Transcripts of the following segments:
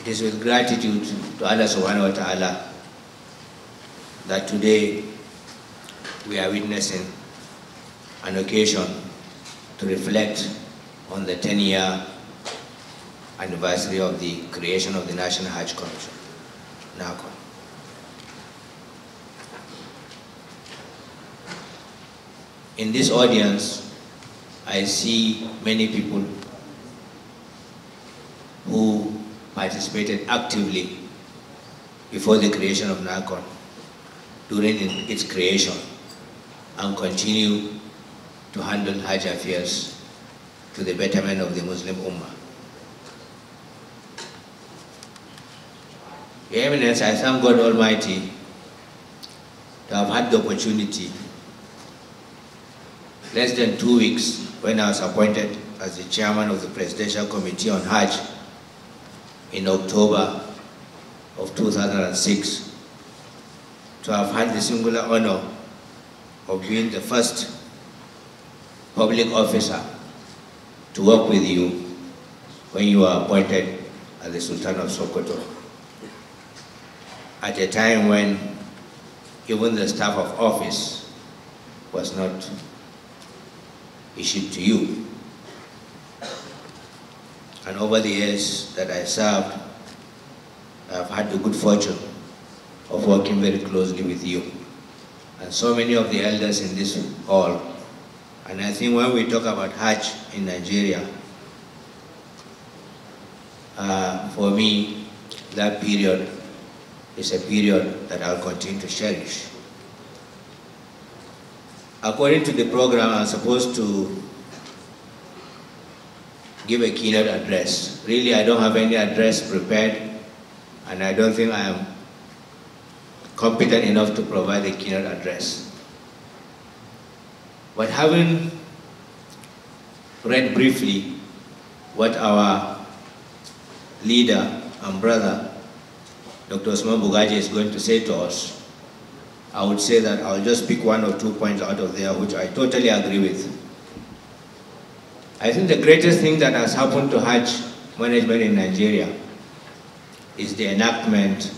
It is with gratitude to Allah subhanahu wa ta'ala that today we are witnessing an occasion to reflect on the 10-year anniversary of the creation of the National Hajj Commission, NACON. In this audience, I see many people participated actively before the creation of NACON, during its creation, and continue to handle Hajj affairs to the betterment of the Muslim Ummah. Your Eminence, I thank God Almighty to have had the opportunity less than two weeks when I was appointed as the chairman of the Presidential Committee on Hajj in October of 2006 to have had the singular honor of being the first public officer to work with you when you were appointed as the Sultan of Sokoto. At a time when even the staff of office was not issued to you. And over the years that I served, I've had the good fortune of working very closely with you and so many of the elders in this hall. And I think when we talk about Hajj in Nigeria, uh, for me, that period is a period that I'll continue to cherish. According to the program, I'm supposed to give a keynote address. Really, I don't have any address prepared, and I don't think I am competent enough to provide a keynote address. But having read briefly what our leader and brother, Dr. Osman Bugaji, is going to say to us, I would say that I'll just pick one or two points out of there which I totally agree with. I think the greatest thing that has happened to Hajj management in Nigeria is the enactment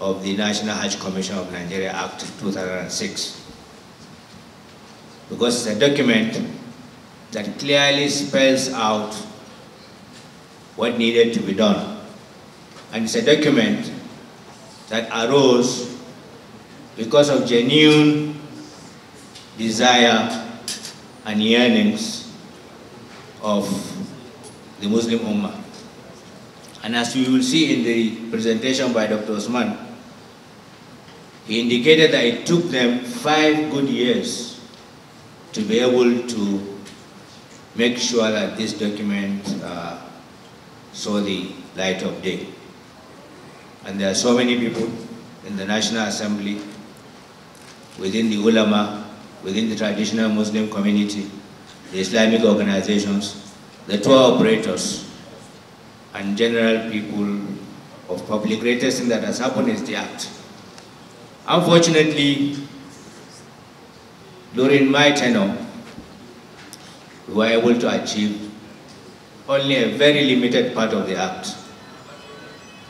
of the National Hajj Commission of Nigeria Act of 2006. Because it's a document that clearly spells out what needed to be done. And it's a document that arose because of genuine desire and yearnings of the Muslim Ummah. And as we will see in the presentation by Dr. Osman, he indicated that it took them five good years to be able to make sure that this document uh, saw the light of day. And there are so many people in the National Assembly, within the ulama, within the traditional Muslim community, the Islamic organizations, the tour operators, and general people of public. Greatest thing that has happened is the act. Unfortunately, during my tenure, we were able to achieve only a very limited part of the act.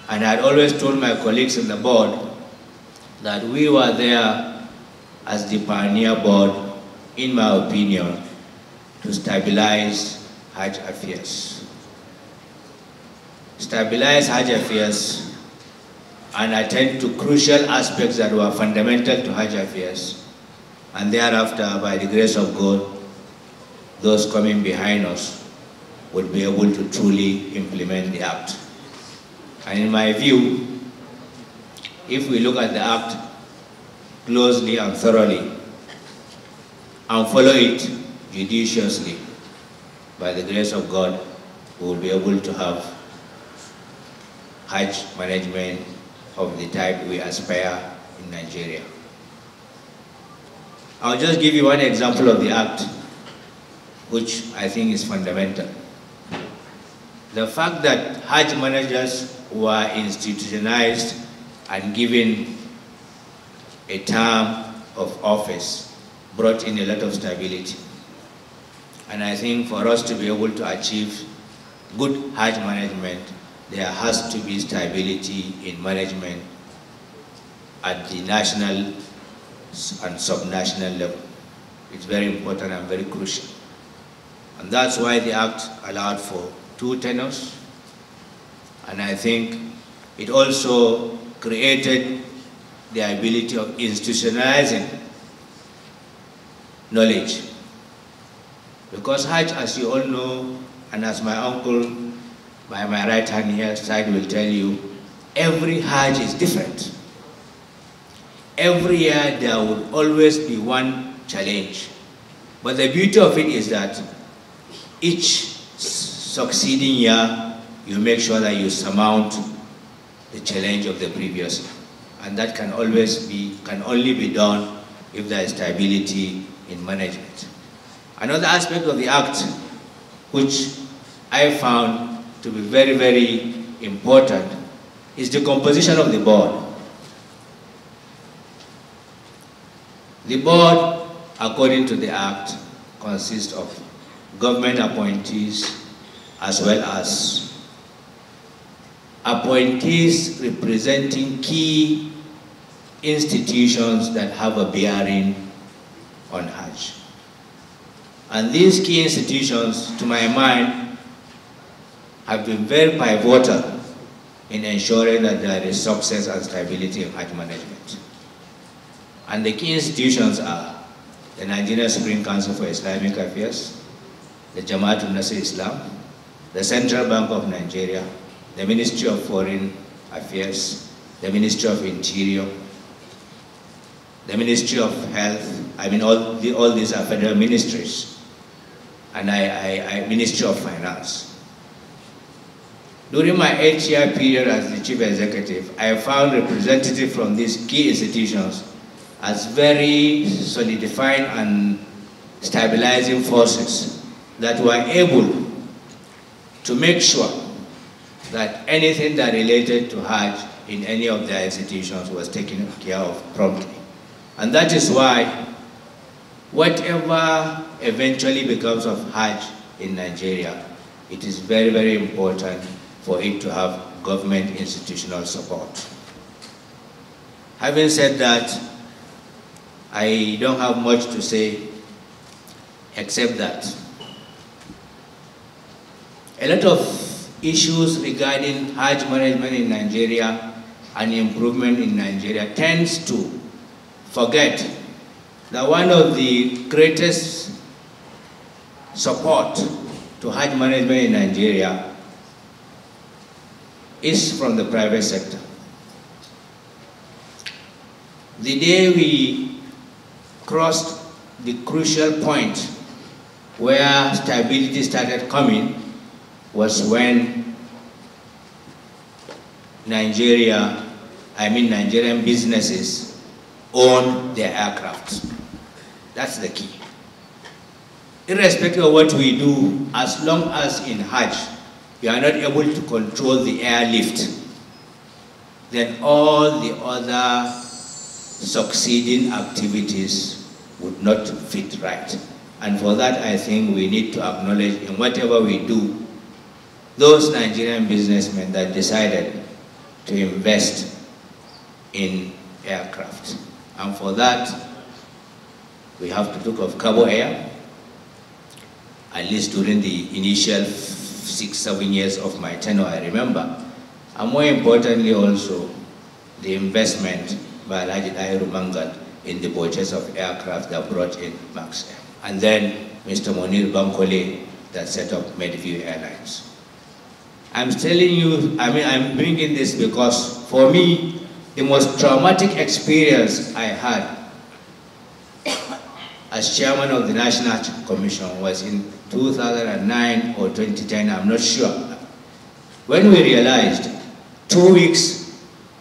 And I had always told my colleagues in the board that we were there as the pioneer board, in my opinion, to stabilize Hajj affairs. Stabilize Hajj affairs and attend to crucial aspects that were fundamental to Hajj affairs. And thereafter, by the grace of God, those coming behind us would be able to truly implement the act. And in my view, if we look at the act closely and thoroughly and follow it judiciously, by the grace of God, we will be able to have Hajj management of the type we aspire in Nigeria. I'll just give you one example of the act, which I think is fundamental. The fact that Hajj managers were institutionalized and given a term of office brought in a lot of stability. And I think for us to be able to achieve good Hajj management, there has to be stability in management at the national and subnational level. It's very important and very crucial. And that's why the Act allowed for two tenors. And I think it also created the ability of institutionalizing knowledge because Hajj, as you all know, and as my uncle by my right hand here side will tell you, every Hajj is different. Every year there will always be one challenge. But the beauty of it is that each succeeding year, you make sure that you surmount the challenge of the previous year. And that can always be, can only be done if there is stability in management. Another aspect of the act which I found to be very, very important is the composition of the board. The board, according to the act, consists of government appointees as well as appointees representing key institutions that have a bearing on and these key institutions, to my mind, have been very pivotal in ensuring that there is success and stability in art management. And the key institutions are the Nigerian Supreme Council for Islamic Affairs, the Jamaatul Nasir Islam, the Central Bank of Nigeria, the Ministry of Foreign Affairs, the Ministry of Interior, the Ministry of Health, I mean all, the, all these are federal ministries and I, I, I Ministry of Finance. During my eight-year period as the chief executive, I found representatives from these key institutions as very solidifying and stabilizing forces that were able to make sure that anything that related to Hajj in any of their institutions was taken care of promptly. And that is why Whatever eventually becomes of Hajj in Nigeria, it is very, very important for it to have government institutional support. Having said that, I don't have much to say except that a lot of issues regarding Hajj management in Nigeria and improvement in Nigeria tends to forget that one of the greatest support to Hajj management in Nigeria is from the private sector. The day we crossed the crucial point where stability started coming was when Nigeria, I mean Nigerian businesses own their aircraft. That's the key. Irrespective of what we do, as long as in Hajj you are not able to control the airlift, then all the other succeeding activities would not fit right. And for that, I think we need to acknowledge in whatever we do, those Nigerian businessmen that decided to invest in aircraft. And for that, we have to look of Cabo Air, at least during the initial six, seven years of my tenure, I remember. And more importantly also, the investment by Lajit Ayurumangat in the purchase of aircraft that brought in Max Air. And then Mr. Monir Bankole that set up Medview Airlines. I'm telling you, I mean, I'm bringing this because for me, the most traumatic experience I had as chairman of the National Commission was in 2009 or 2010, I'm not sure. When we realized two weeks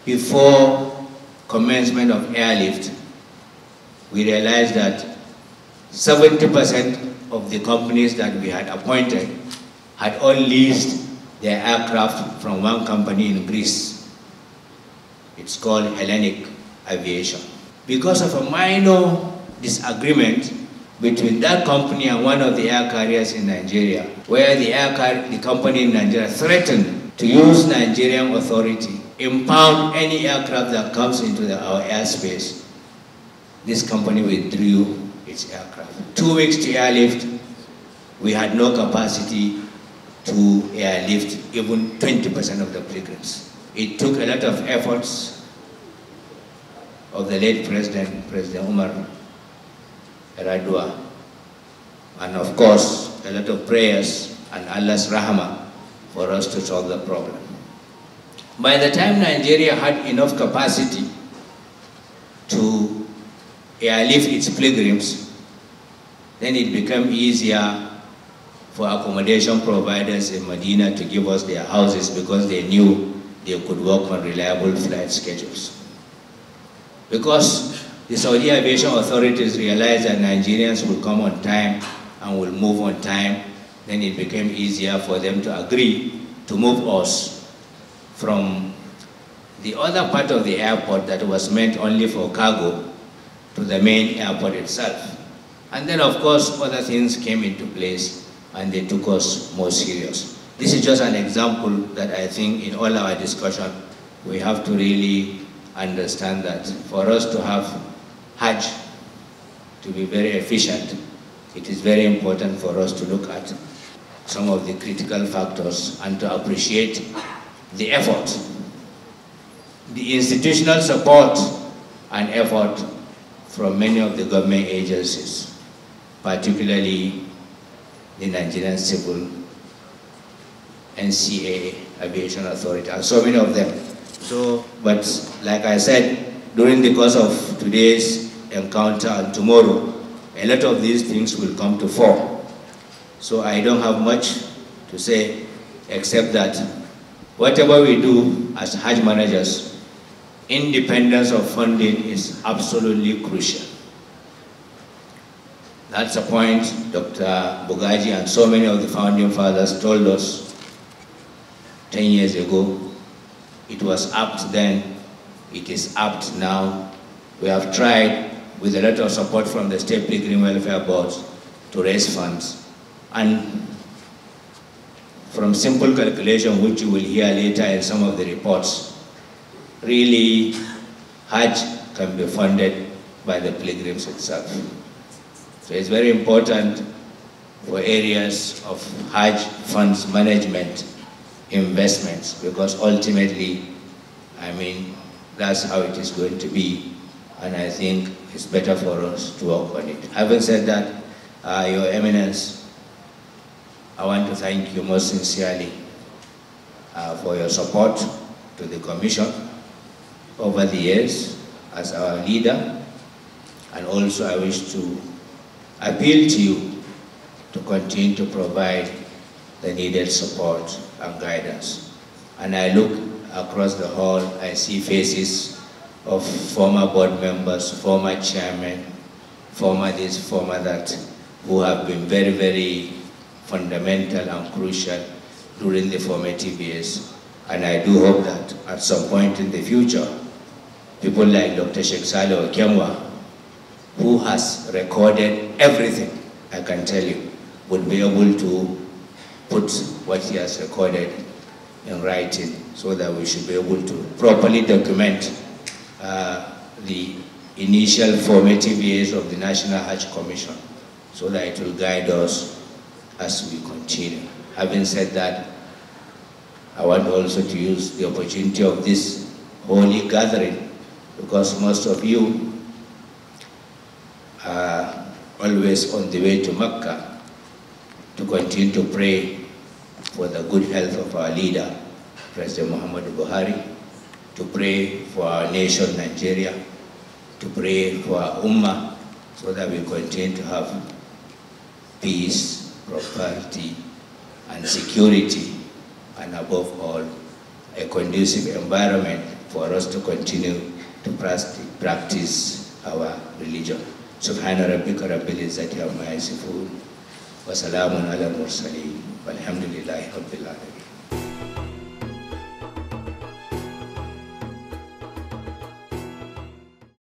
before commencement of airlift, we realized that 70% of the companies that we had appointed had all leased their aircraft from one company in Greece. It's called Hellenic Aviation. Because of a minor disagreement between that company and one of the air carriers in Nigeria, where the, air car- the company in Nigeria threatened to use Nigerian authority, impound any aircraft that comes into the, our airspace. This company withdrew its aircraft. Two weeks to airlift, we had no capacity to airlift even 20% of the pilgrims. It took a lot of efforts of the late President, President Umar Radwa, and of course, a lot of prayers and Allah's rahmah for us to solve the problem. By the time Nigeria had enough capacity to airlift its pilgrims, then it became easier for accommodation providers in Medina to give us their houses because they knew they could work on reliable flight schedules. Because the Saudi aviation authorities realized that Nigerians would come on time and will move on time, then it became easier for them to agree to move us from the other part of the airport that was meant only for cargo to the main airport itself. And then, of course, other things came into place and they took us more serious. This is just an example that I think in all our discussion, we have to really understand that for us to have Hajj to be very efficient, it is very important for us to look at some of the critical factors and to appreciate the effort, the institutional support and effort from many of the government agencies, particularly the Nigerian Civil NCA, Aviation Authority, and so many of them. So, but like I said, during the course of today's encounter and tomorrow, a lot of these things will come to fore. So I don't have much to say except that whatever we do as Hajj managers, independence of funding is absolutely crucial. That's a point Dr. Bugaji, and so many of the founding fathers told us 10 years ago. It was apt then, it is apt now. We have tried, with a lot of support from the State Pilgrim Welfare Board, to raise funds. And from simple calculation, which you will hear later in some of the reports, really Hajj can be funded by the pilgrims itself. So it's very important for areas of Hajj funds management investments because ultimately, I mean, that's how it is going to be. And I think it's better for us to work on it. Having said that, uh, Your Eminence, I want to thank you most sincerely uh, for your support to the Commission over the years as our leader. And also I wish to appeal to you to continue to provide the needed support and guidance. And I look across the hall, I see faces of former board members, former chairmen, former this, former that, who have been very, very fundamental and crucial during the formative years. And I do hope that at some point in the future, people like Dr. Sheikh Saleh Okemwa, who has recorded everything, I can tell you, would be able to put what he has recorded in writing so that we should be able to properly document uh, the initial formative years of the National Arch Commission so that it will guide us as we continue. Having said that, I want also to use the opportunity of this holy gathering because most of you are always on the way to Mecca to continue to pray for the good health of our leader, President Muhammad Buhari, to pray for our nation, Nigeria, to pray for our Ummah, so that we continue to have peace, prosperity, and security, and above all, a conducive environment for us to continue to practice our religion. سبحان ربك رب العزة عما يصفون وسلام walhamdulillahi rabbil alamin